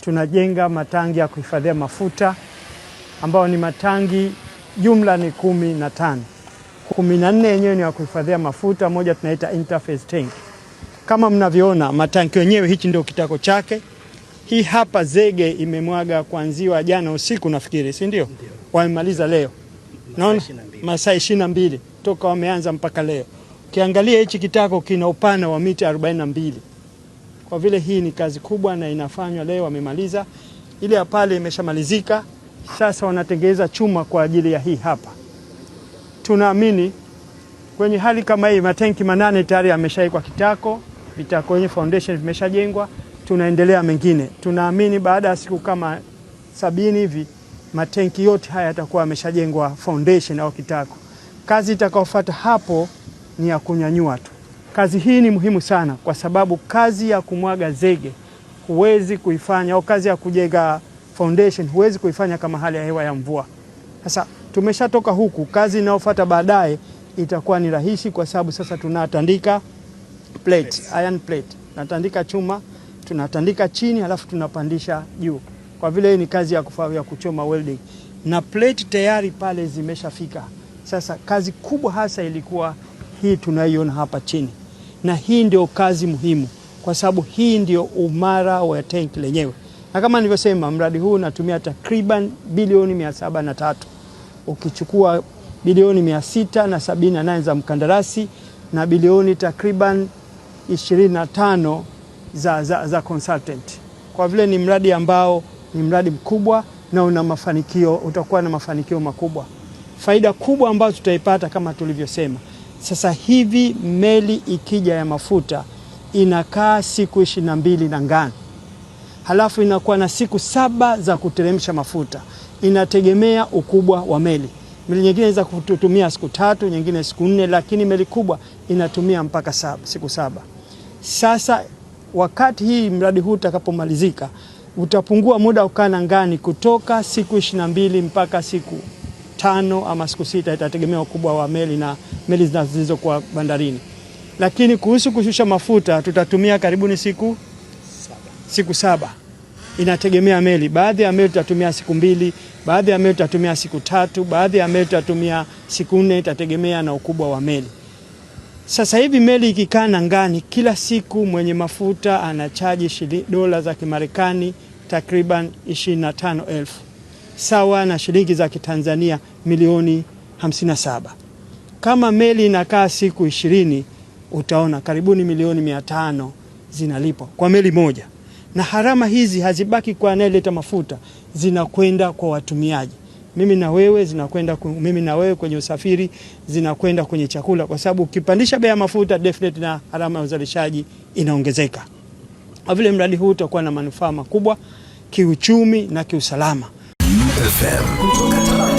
tunajenga matangi ya kuhifadhia mafuta ambayo ni matangi jumla ni kumi na tano. Kumi na nne yenyewe ni ya kuhifadhia mafuta, moja tunaita interface tank. Kama mnavyoona matanki wenyewe, hichi ndio kitako chake. Hii hapa zege imemwaga kuanziwa jana usiku nafikiri, si ndio? Wamemaliza leo, naona masaa ishirini na mbili toka wameanza mpaka leo. Ukiangalia hichi kitako kina upana wa mita mbili kwa vile hii ni kazi kubwa na inafanywa leo, wamemaliza ile ya pale imeshamalizika. Sasa wanatengeneza chuma kwa ajili ya hii hapa. Tunaamini kwenye hali kama hii, matenki manane tayari yameshawekwa kitako, vitako yenye foundation vimeshajengwa, tunaendelea mengine. Tunaamini baada ya siku kama sabini hivi matenki yote haya yatakuwa yameshajengwa foundation au kitako. Kazi itakayofuata hapo ni ya kunyanyua tu. Kazi hii ni muhimu sana, kwa sababu kazi ya kumwaga zege huwezi kuifanya au kazi ya kujenga foundation huwezi kuifanya kama hali ya hewa ya mvua. Sasa tumeshatoka huku, kazi inayofuata baadaye itakuwa ni rahisi, kwa sababu sasa tunatandika plate, iron plate, natandika chuma, tunatandika chini, alafu tunapandisha juu. Kwa vile hii ni kazi ya kufaa ya kuchoma welding, na plate tayari pale zimeshafika. Sasa kazi kubwa hasa ilikuwa hii tunaiona hapa chini na hii ndio kazi muhimu, kwa sababu hii ndio umara wa tenki lenyewe. Na kama nilivyosema, mradi huu unatumia takriban bilioni mia saba na tatu ukichukua bilioni mia sita na sabini na nane za mkandarasi na bilioni takriban tano za, za, za consultant. Kwa vile ni mradi ambao ni mradi mkubwa na una mafanikio, utakuwa na mafanikio makubwa. Faida kubwa ambayo tutaipata kama tulivyosema sasa hivi meli ikija ya mafuta inakaa siku ishirini na mbili na ngano, halafu inakuwa na siku saba za kuteremsha mafuta. Inategemea ukubwa wa meli. Meli nyingine inaweza kutumia siku tatu, nyingine siku nne, lakini meli kubwa inatumia mpaka saba, siku saba. Sasa wakati hii mradi huu utakapomalizika utapungua muda ukaa na ngani kutoka siku ishirini na mbili mpaka siku tano ama siku sita, itategemea ukubwa wa meli na meli zilizokuwa bandarini. Lakini kuhusu kushusha mafuta tutatumia karibuni siku saba, siku saba inategemea meli. Baadhi ya meli tutatumia siku mbili, baadhi ya meli tutatumia siku tatu, baadhi ya meli tutatumia siku nne, itategemea na ukubwa wa meli. Sasa hivi meli ikikaa nangani, kila siku mwenye mafuta anachaji dola za Kimarekani takriban 25,000 sawa na shilingi za Kitanzania milioni 57. Kama meli inakaa siku ishirini, utaona karibuni milioni mia tano zinalipwa kwa meli moja, na harama hizi hazibaki kwa anayeleta mafuta, zinakwenda kwa watumiaji mimi na wewe zinakwenda mimi na wewe kwenye usafiri, zinakwenda kwenye chakula, kwa sababu ukipandisha bei ya mafuta definitely na gharama ya uzalishaji inaongezeka. Kwa vile mradi huu utakuwa na manufaa makubwa kiuchumi na kiusalama. FM.